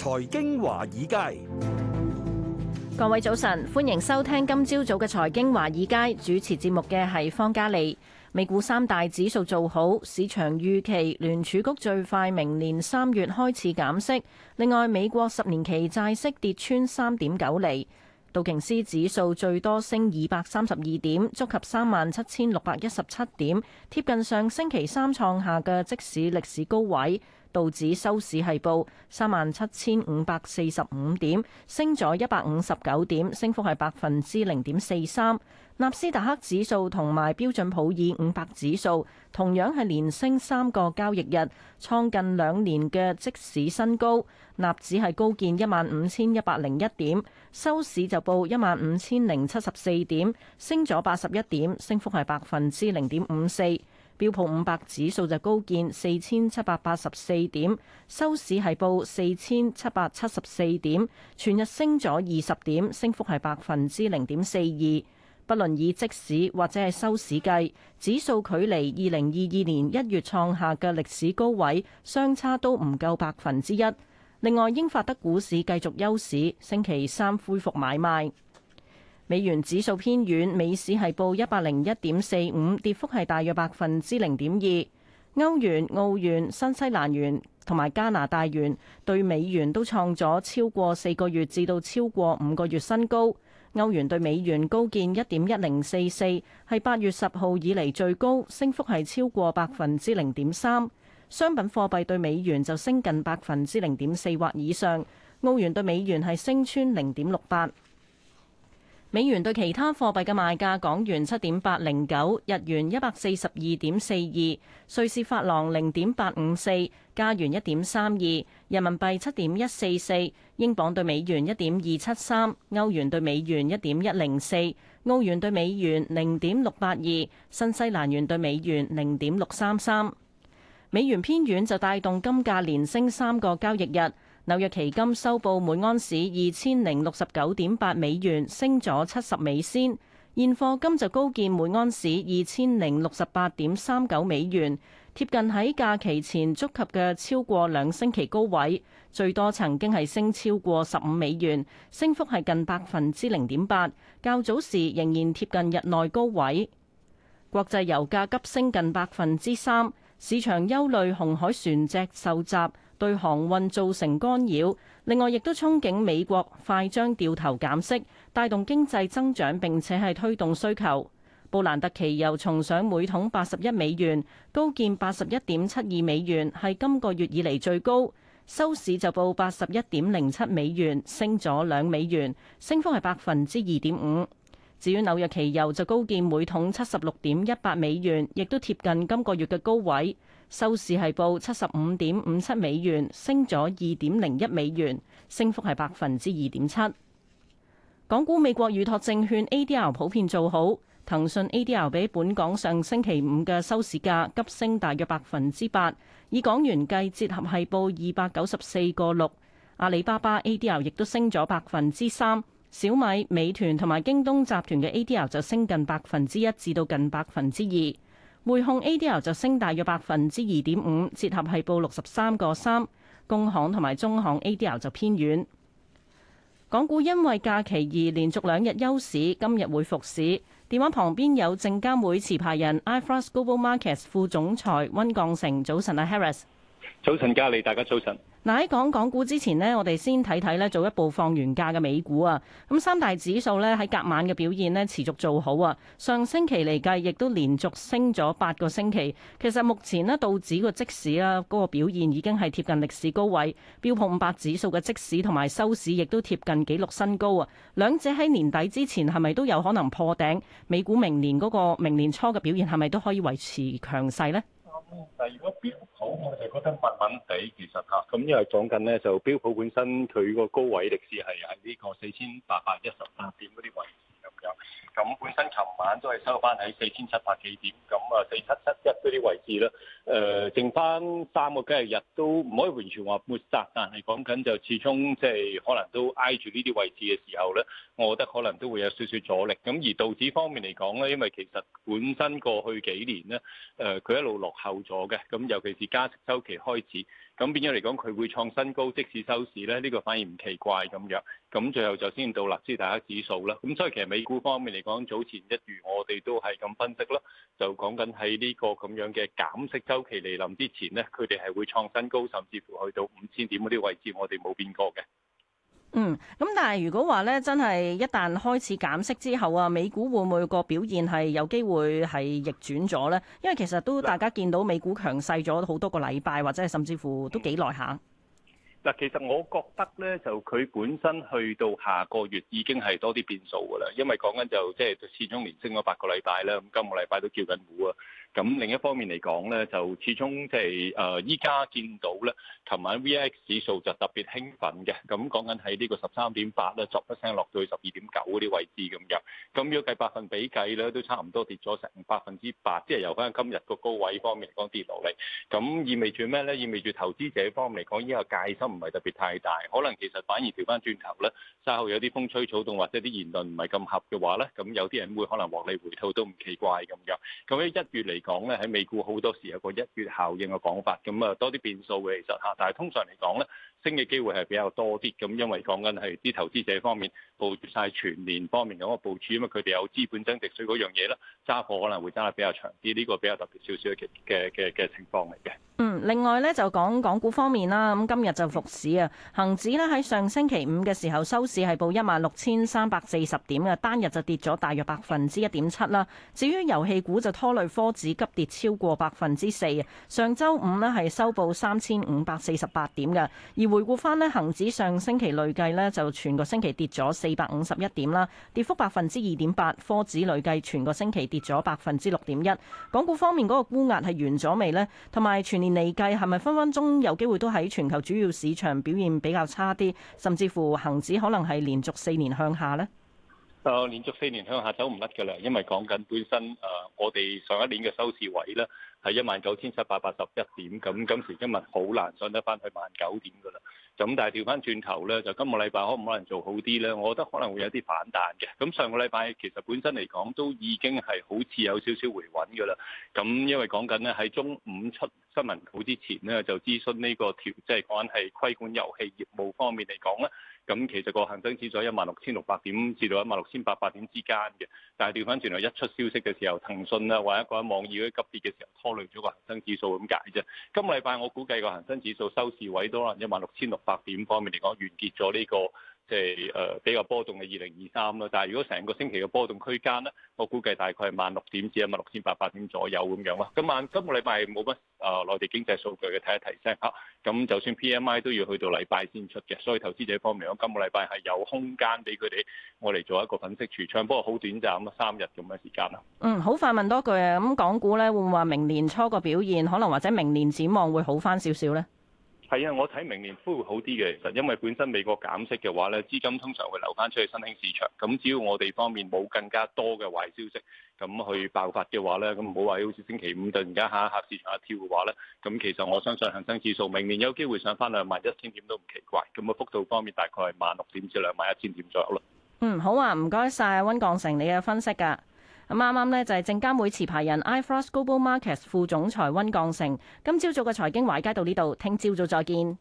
財經華爾街，各位早晨，歡迎收聽今朝早嘅財經華爾街，主持節目嘅係方嘉利。美股三大指數做好，市場預期聯儲局最快明年三月開始減息。另外，美國十年期債息跌穿三點九厘，道瓊斯指數最多升二百三十二點，觸及三萬七千六百一十七點，貼近上星期三創下嘅即市歷史高位。道指收市係報三萬七千五百四十五點，升咗一百五十九點，升幅係百分之零點四三。納斯達克指數同埋標準普爾五百指數同樣係連升三個交易日，創近兩年嘅即市新高。納指係高見一萬五千一百零一點，收市就報一萬五千零七十四點，升咗八十一點，升幅係百分之零點五四。標普五百指數就高見四千七百八十四點，收市係報四千七百七十四點，全日升咗二十點，升幅係百分之零點四二。不論以即市或者係收市計，指數距離二零二二年一月創下嘅歷史高位，相差都唔夠百分之一。另外，英法德股市繼續休市，星期三恢復買賣。美元指數偏軟，美市係報一百零一點四五，跌幅係大約百分之零點二。歐元、澳元、新西蘭元同埋加拿大元對美元都創咗超過四個月至到超過五個月新高。歐元對美元高見一點一零四四，係八月十號以嚟最高，升幅係超過百分之零點三。商品貨幣對美元就升近百分之零點四或以上。澳元對美元係升穿零點六八。美元對其他貨幣嘅賣價：港元七點八零九，日元一百四十二點四二，瑞士法郎零點八五四，加元一點三二，人民幣七點一四四，英鎊對美元一點二七三，歐元對美元一點一零四，澳元對美元零點六八二，新西蘭元對美元零點六三三。美元偏軟就帶動金價連升三個交易日。紐約期金收報每盎司二千零六十九點八美元，升咗七十美仙。現貨金就高見每盎司二千零六十八點三九美元，貼近喺假期前觸及嘅超過兩星期高位，最多曾經係升超過十五美元，升幅係近百分之零點八。較早時仍然貼近日內高位。國際油價急升近百分之三，市場憂慮紅海船隻受襲。對航運造成干擾，另外亦都憧憬美國快將掉頭減息，帶動經濟增長，並且係推動需求。布蘭特期油重上每桶八十一美元，高見八十一點七二美元，係今個月以嚟最高。收市就報八十一點零七美元，升咗兩美元，升幅係百分之二點五。至於紐約期油就高見每桶七十六點一八美元，亦都貼近今個月嘅高位。收市係報七十五點五七美元，升咗二點零一美元，升幅係百分之二點七。港股美國預託證券 ADR 普遍做好，騰訊 ADR 比本港上星期五嘅收市價急升大約百分之八，以港元計，折合係報二百九十四個六。阿里巴巴 ADR 亦都升咗百分之三，小米、美團同埋京東集團嘅 ADR 就升近百分之一至到近百分之二。匯控 ADR 就升大約百分之二點五，折合係報六十三個三。工行同埋中行 ADR 就偏遠。港股因為假期而連續兩日休市，今日會復市。電話旁邊有證監會持牌人 iFirst Global Markets 副總裁温鋼成，早晨啊，Harris。早晨，嘉利，大家早晨。嗱，喺講港股之前呢，我哋先睇睇呢早一步放完假嘅美股啊！咁三大指數呢，喺隔晚嘅表現呢，持續做好啊，上星期嚟計亦都連續升咗八個星期。其實目前呢，道指個即市啦，嗰個表現已經係貼近歷史高位，標普五百指數嘅即市同埋收市亦都貼近紀錄新高啊！兩者喺年底之前係咪都有可能破頂？美股明年嗰個明年初嘅表現係咪都可以維持強勢呢？但如果標普，我就覺得穩穩地，其實嚇，咁、嗯、因為講緊咧，就標普本身佢個高位歷史係喺呢個四千八百一十八點嗰啲位置咁樣。咁本身尋晚都係收翻喺四千七百幾點，咁啊四七七一嗰啲位置咧，誒、呃、剩翻三個交易日都唔可以完全話抹殺，但係講緊就始終即係可能都挨住呢啲位置嘅時候咧，我覺得可能都會有少少阻力。咁而道指方面嚟講咧，因為其實本身過去幾年咧，誒、呃、佢一路落後咗嘅，咁尤其是加息週期開始，咁變咗嚟講佢會創新高，即使收市咧呢、呢個反而唔奇怪咁樣。咁最後就先到納斯達克指數啦。咁所以其實美股方面嚟講，講早前一如我哋都係咁分析啦，就講緊喺呢個咁樣嘅減息周期嚟臨之前呢，佢哋係會創新高，甚至乎去到五千點嗰啲位置，我哋冇變過嘅。嗯，咁但係如果話呢，真係一旦開始減息之後啊，美股會唔會個表現係有機會係逆轉咗呢？因為其實都大家見到美股強勢咗好多個禮拜，或者係甚至乎都幾耐下。嗱，其實我覺得咧，就佢本身去到下個月已經係多啲變數㗎啦，因為講緊就即係始終連升咗八個禮拜啦，咁今個禮拜都叫緊股啊。咁另一方面嚟講咧，就始終即係誒依家見到咧，琴晚 VX 指數就特別興奮嘅。咁講緊喺呢個十三點八咧，作一聲落到去十二點九嗰啲位置咁樣。咁如果計百分比計咧，都差唔多跌咗成百分之八，即係由翻今日個高位方面嚟講跌落嚟。咁意味住咩咧？意味住投資者方面嚟講，呢個戒心唔係特別太大，可能其實反而調翻轉頭咧，稍後有啲風吹草動或者啲言論唔係咁合嘅話咧，咁有啲人會可能獲利回吐都唔奇怪咁樣。咁喺一月嚟講呢，喺美股好多時有個一月效應嘅講法，咁啊多啲變數嘅其實嚇，但係通常嚟講呢升嘅機會係比較多啲，咁因為講緊係啲投資者方面佈置晒全年方面嘅一個部署，咁啊佢哋有資本增值稅嗰樣嘢啦，揸貨可能會揸得比較長啲，呢個比較特別少少嘅嘅嘅嘅情況嚟嘅。嗯，另外呢，就講港股方面啦，咁今日就復市啊，恆指呢，喺上星期五嘅時候收市係報一萬六千三百四十點嘅，單日就跌咗大約百分之一點七啦。至於遊戲股就拖累科、嗯講講嗯啊、指。急跌超過百分之四，上週五呢係收報三千五百四十八點嘅。而回顧翻呢，恆指上星期累計呢就全個星期跌咗四百五十一點啦，跌幅百分之二點八。科指累計全個星期跌咗百分之六點一。港股方面嗰個沽壓係完咗未呢？同埋全年嚟計係咪分分鐘有機會都喺全球主要市場表現比較差啲，甚至乎恒指可能係連續四年向下呢？誒、哦，連續四年向下走唔甩嘅啦，因為講緊本身誒、呃，我哋上一年嘅收市位咧係一萬九千七百八十一點，咁、嗯、今時今日好難上得翻去萬九點嘅啦。就、嗯、咁，但係調翻轉頭咧，就今個禮拜可唔可能做好啲咧？我覺得可能會有啲反彈嘅。咁、嗯、上個禮拜其實本身嚟講都已經係好似有少少回穩嘅啦。咁、嗯、因為講緊呢，喺中午出新聞稿之前呢，就諮詢呢個條，即係講緊係規管遊戲業務方面嚟講咧。咁其實個恒生指數喺一萬六千六百點至到一萬六千八百點之間嘅，但係調翻轉嚟一出消息嘅時候，騰訊啊或者一個喺網易啲急跌嘅時候，拖累咗個恒生指數咁解啫。今個禮拜我估計個恒生指數收市位都可能一萬六千六百點方面嚟講，完結咗呢、這個。即係誒比較波動嘅二零二三咯，但係如果成個星期嘅波動區間咧，我估計大概係萬六點至啊萬六千八百點左右咁樣咯。咁萬今個禮拜冇乜誒內地經濟數據嘅睇一睇先嚇。咁、啊、就算 P M I 都要去到禮拜先出嘅，所以投資者方面，我今個禮拜係有空間俾佢哋我嚟做一個粉飾櫥窗，不過好短暫咯，三日咁嘅時間啦。嗯，好快問多句啊！咁港股咧會唔會話明年初個表現可能或者明年展望會好返少少咧？係啊，我睇明年都會好啲嘅。其實因為本身美國減息嘅話咧，資金通常會流翻出去新興市場。咁只要我哋方面冇更加多嘅壞消息，咁去爆發嘅話咧，咁唔好話好似星期五突然間嚇一嚇市場一跳嘅話咧，咁其實我相信恒生指數明年有機會上翻兩萬一千點都唔奇怪。咁啊，幅度方面大概係萬六點至兩萬一千點左右咯。嗯，好啊，唔該晒温鋼成你嘅分析㗎、啊。咁啱啱呢就係證監會持牌人 I Frost Global Markets 副總裁温鋼成，今朝早嘅財經華爾街到呢度，聽朝早再見。